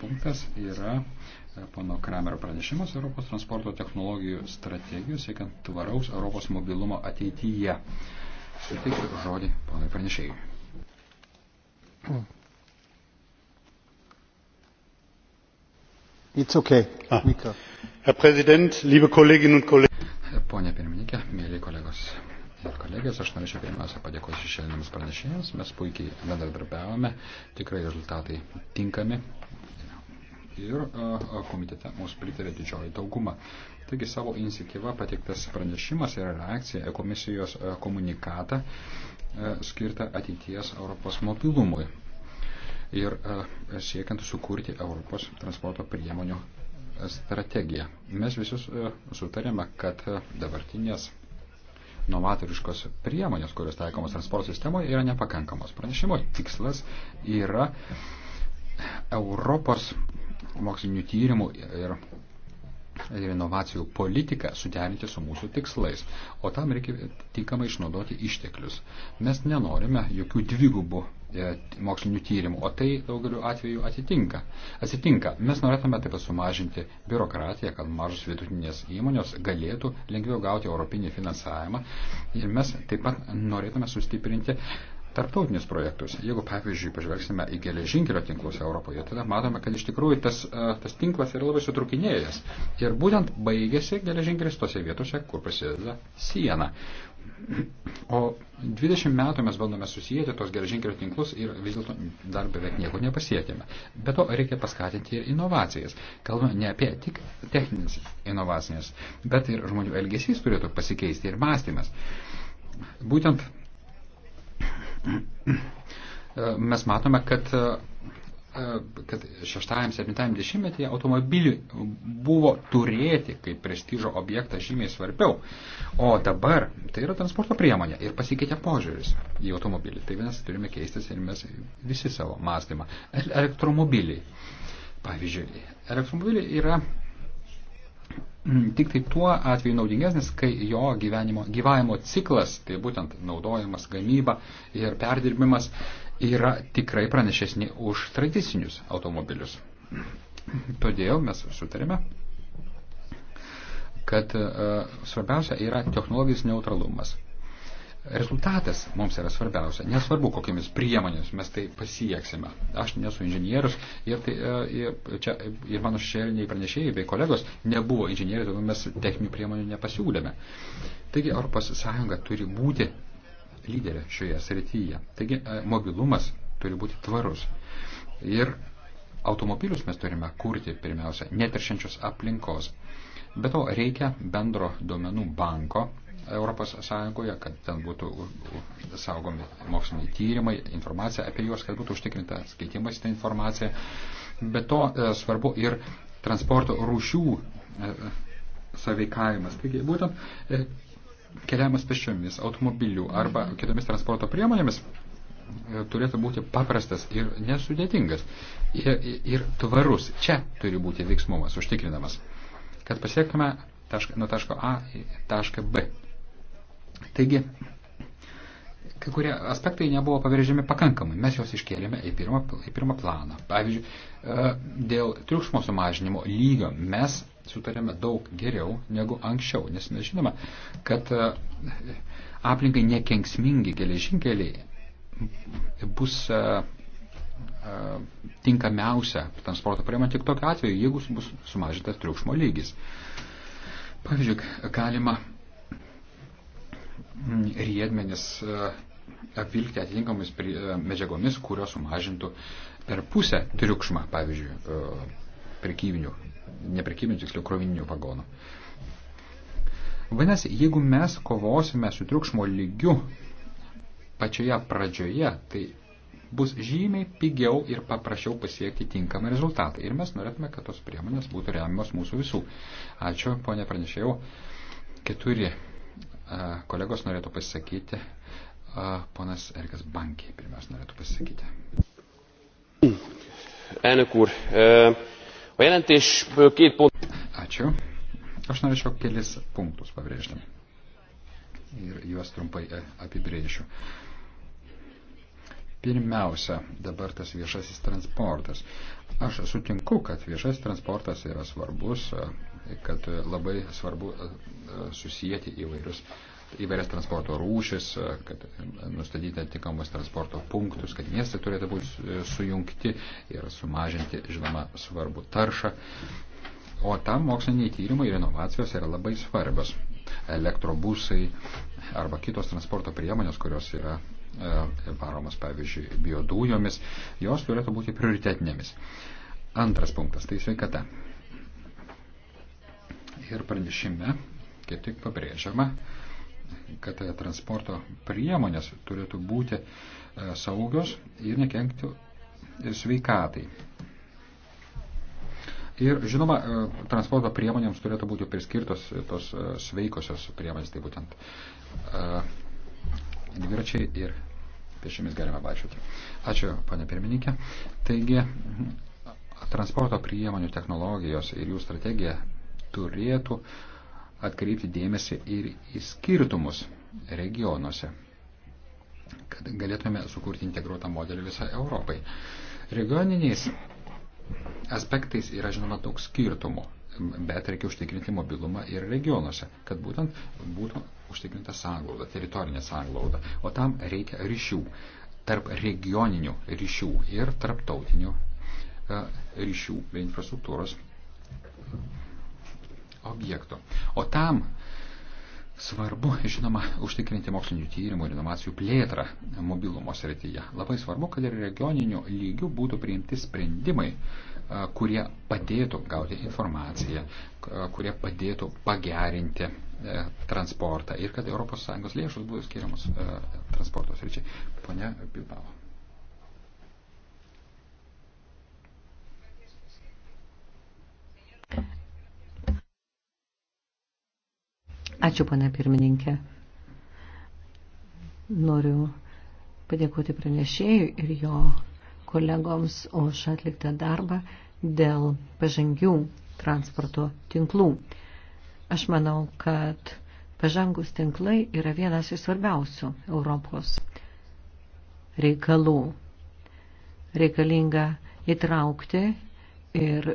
punktas yra e, pono Kramerio pranešimas Europos transporto technologijų strategijų siekiant tvaraus Europos mobilumo ateityje. Suteiksiu žodį ponui pranešėjui. It's okay. Ah. Herr Präsident, liebe Kolleginnen und Kollegen. Pone pirmininkė, mėly kolegos ir kolegės, aš norėčiau pirmiausia padėkoti šešėlinėms pranešėjams, mes puikiai bendradarbiavome, tikrai rezultatai tinkami ir komitete mums pritarė didžioji dauguma. Taigi savo iniciatyva pateiktas pranešimas yra reakcija į komisijos komunikatą skirtą ateities Europos mobilumui ir siekiant sukurti Europos transporto priemonių strategiją. Mes visus sutarėme, kad dabartinės novatoriškos priemonės, kurios taikomos transporto sistemoje, yra nepakankamos. Pranešimo tikslas yra Europos mokslinių tyrimų ir, ir inovacijų politiką suderinti su mūsų tikslais, o tam reikia tinkamai išnaudoti išteklius. Mes nenorime jokių dvigubų e, mokslinių tyrimų, o tai daugeliu atveju atitinka. Atsitinka. Mes norėtume taip pat sumažinti biurokratiją, kad mažos vidutinės įmonės galėtų lengviau gauti europinį finansavimą. Ir mes taip pat norėtume sustiprinti uh, tarptautinius projektus. Jeigu, pavyzdžiui, pažvelgsime į geležinkelio tinklus Europoje, tada matome, kad iš tikrųjų tas, e, tas tinklas yra labai sutrukinėjęs. Ir būtent baigėsi geležinkelis tose vietose, kur prasideda siena. O 20 metų mes bandome susijęti tos geležinkelio tinklus ir vis dėlto dar beveik nieko nepasiekėme. Be to reikia paskatinti ir inovacijas. Kalbame ne apie tik techninės inovacijas, bet ir žmonių elgesys turėtų pasikeisti ir mąstymas. Būtent E, mes matome, kad e, e, kad 6-7 dešimtmetyje automobilių buvo turėti kaip prestižo objektą žymiai svarbiau. O dabar tai yra transporto priemonė ir pasikeitė požiūris į automobilį. Tai mes turime keistis ir mes visi savo mąstymą. Elektromobiliai. Pavyzdžiui, elektromobiliai yra Mm, tik tai tuo atveju naudingesnis, kai jo gyvenimo, gyvavimo ciklas, tai būtent naudojimas, gamyba ir perdirbimas, yra tikrai pranešesni už tradicinius automobilius. Todėl mes sutarėme, kad uh, svarbiausia yra technologinis neutralumas. Rezultatas mums yra svarbiausia, nesvarbu, kokiamis priemonėmis mes tai pasieksime. Aš nesu inžinierius ir, tai, e, ir, čia, ir mano šešėliniai pranešėjai bei kolegos nebuvo inžinieriai, todėl mes techninių priemonių nepasiūlėme. Taigi ES turi būti lyderė šioje srityje. Taigi e, mobilumas turi būti tvarus. Ir automobilius mes turime kurti pirmiausia, neteršiančius aplinkos. Be to reikia bendro duomenų banko ES, kad ten būtų saugomi moksliniai tyrimai, informacija apie juos, kad būtų užtikrinta skaitimas tą informaciją. Be to e, svarbu ir transporto rūšių e, saveikavimas. Taigi būtent e, keliavimas pešiomis, automobilių arba kitomis transporto priemonėmis turėtų būti paprastas ir nesudėtingas ir, ir tvarus. Čia turi būti veiksmumas užtikrinamas kad pasiektume tašką, nuo taško A į tašką B. Taigi, kai kurie aspektai nebuvo pabrėžiami pakankamai. Mes juos iškėlėme į pirmą, į pirmą planą. Pavyzdžiui, e, dėl triukšmo sumažinimo lygio mes sutarėme daug geriau negu anksčiau, nes mes žinome, kad e, aplinkai nekenksmingi geležinkeliai bus e, E, tinkamiausia transporto priemonė tik tokiu atveju, jeigu bus sumažintas triukšmo lygis. Pavyzdžiui, galima mm, riedmenis e, apvilkti atitinkamomis e, medžiagomis, kurios sumažintų per pusę triukšmą, pavyzdžiui, prekybinių, neprekybinių, tiksliau, krovininių vagonų. Vadinasi, jeigu mes kovosime su triukšmo lygiu pačioje pradžioje, tai bus žymiai pigiau ir paprasčiau pasiekti tinkamą rezultatą. Ir mes norėtume, kad tos priemonės būtų remiamos mūsų visų. Ačiū, ponė pranešėjau. Keturi kolegos norėtų pasisakyti. Ponas Erkas Bankiai pirmiausia norėtų pasisakyti. Elnök úr, e, a jelentésből két pont... Ačiū. Aš norėčiau kelis punktus pabrėžti. Ir juos trumpai e, apibrėžiu. Uh, Pirmiausia, dabar tas viešasis transportas. Aš sutinku, kad viešasis transportas yra svarbus, e, kad labai svarbu e, e, susijęti įvairius įvairias transporto rūšis, kad nustatyti atitinkamus transporto punktus, kad miestai turėtų būti sujungti ir sumažinti, žinoma, svarbu taršą. O tam moksliniai tyrimai ir inovacijos yra labai svarbios. Elektrobusai arba kitos transporto priemonės, kurios yra E, varomas, pavyzdžiui, biodujomis, jos turėtų būti prioritetinėmis. Antras punktas - tai sveikata. Ir pranešime kaip tik pabrėžiama, kad transporto priemonės turėtų būti e, saugios ir nekenkti sveikatai. Ir žinoma, e, transporto priemonėms turėtų būti priskirtos tos sveikosios priemonės, tai būtent dviračiai ir pėsčiomis galima vaikščioti. Ačiū, panė pirmininkė. Taigi, transporto priemonių technologijos ir jų strategija turėtų atkreipti dėmesį ir į skirtumus regionuose, kad galėtume sukurti integruotą modelį visą Europai. Regioniniais aspektais yra žinoma daug skirtumų bet reikia užtikrinti mobilumą ir regionuose, kad būtent būtų užtikrinta sąglauda, teritorinė sąglauda. O tam reikia ryšių tarp regioninių ryšių ir tarptautinių e, ryšių bei infrastruktūros objektų. O tam Svarbu, žinoma, užtikrinti mokslinių tyrimų ir inovacijų plėtrą mobilumo srityje. Labai svarbu, kad ir regioninių lygių būtų priimti sprendimai, kurie padėtų gauti informaciją, kurie padėtų pagerinti e, transportą ir kad ES lėšos būtų skiriamos e, transporto sričiai. Pone Bilbao. Ačiū, pane pirmininkė. Noriu padėkoti pranešėjui ir jo kolegoms už atliktą darbą dėl pažangių transporto tinklų. Aš manau, kad pažangus tinklai yra vienas iš svarbiausių Europos reikalų. Reikalinga įtraukti ir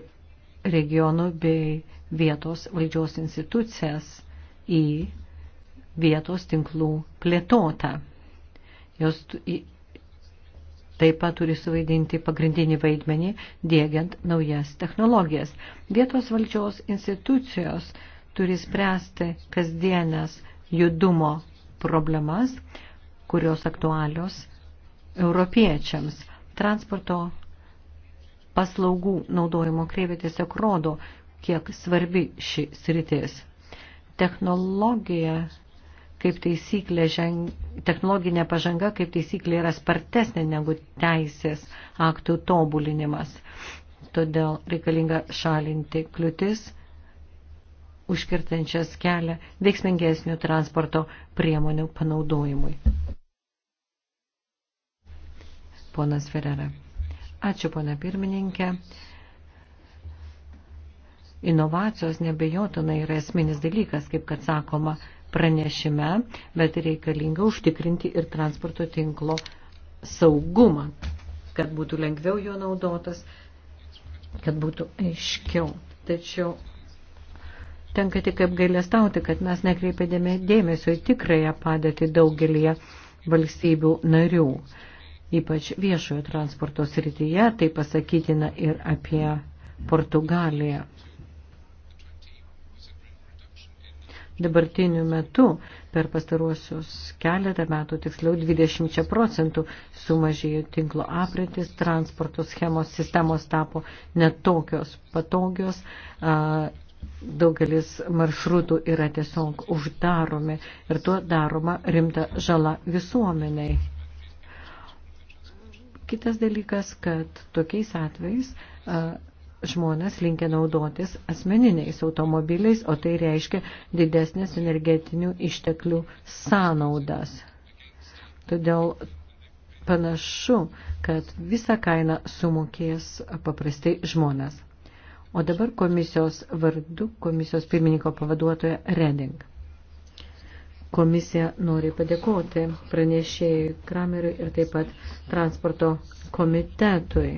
regionų bei vietos valdžios institucijas į vietos tinklų plėtotą. Jos taip pat turi suvaidinti pagrindinį vaidmenį, dėgiant naujas technologijas. Vietos valdžios institucijos turi spręsti kasdienės judumo problemas, kurios aktualios europiečiams. Transporto paslaugų naudojimo kreivė tiesiog rodo, kiek svarbi ši sritis. Technologija kaip taisyklė, ženg... technologinė pažanga kaip taisyklė yra spartesnė negu teisės aktų tobulinimas. Todėl reikalinga šalinti kliūtis, užkirtančias kelią veiksmingesnių transporto priemonių panaudojimui. Ponas Ferrera. Ačiū, pona pirmininkė. Inovacijos nebejotinai yra esminis dalykas, kaip kad sakoma, pranešime, bet reikalinga užtikrinti ir transporto tinklo saugumą, kad būtų lengviau jo naudotas, kad būtų aiškiau. Tačiau tenka tik apgailestauti, kad mes nekreipėdėme dėmesio į tikrąją padėtį daugelį valstybių narių, ypač viešojo transporto srityje, tai pasakytina ir apie Portugaliją. dabartiniu metu per pastaruosius keletą metų, tiksliau 20 procentų sumažėjo tinklo apretis, transporto schemos sistemos tapo netokios patogios, daugelis maršrutų yra tiesiog uždaromi ir tuo daroma rimta žala visuomeniai. Kitas dalykas, kad tokiais atvejais žmonės linkia naudotis asmeniniais automobiliais, o tai reiškia didesnės energetinių išteklių sąnaudas. Todėl panašu, kad visą kainą sumokės paprastai žmonės. O dabar komisijos vardu, komisijos pirmininko pavaduotoja Reding. Komisija nori padėkoti pranešėjai Krameriui ir taip pat transporto komitetui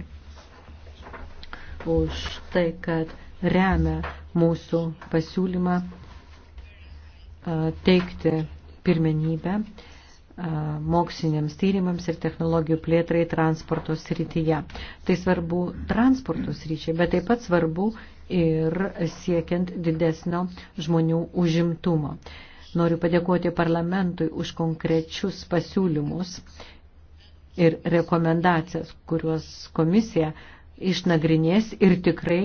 už tai, kad remia mūsų pasiūlymą teikti pirmenybę moksliniams tyrimams ir technologijų plėtrai transporto srityje. Tai svarbu transporto sryčiai, bet taip pat svarbu ir siekiant didesnio žmonių užimtumo. Noriu padėkoti parlamentui už konkrečius pasiūlymus ir rekomendacijas, kuriuos komisija uh, išnagrinės ir tikrai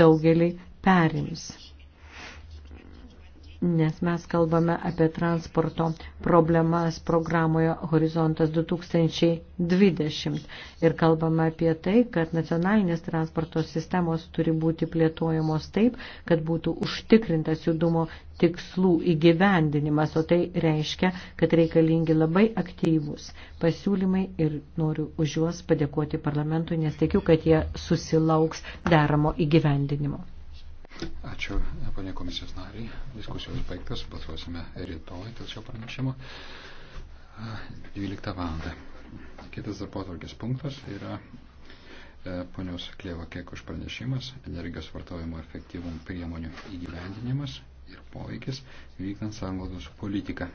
daugelį perims nes mes kalbame apie transporto problemas programoje Horizontas 2020 ir kalbame apie tai, kad nacionalinės transporto sistemos turi būti plėtojamos taip, kad būtų užtikrintas judumo tikslų įgyvendinimas, o tai reiškia, kad reikalingi labai aktyvūs pasiūlymai ir noriu už juos padėkoti parlamentui, nes tikiu, kad jie susilauks deramo įgyvendinimo. Ačiū, ponė komisijos nariai. Diskusijos baigtas, balsuosime rytoj dėl šio pranešimo 12 val. Kitas darbo atvarkės punktas yra e, ponios Klėvo Kekuš pranešimas, energijos vartojimo efektyvum priemonių įgyvendinimas ir poveikis vykdant sanglaudos politiką.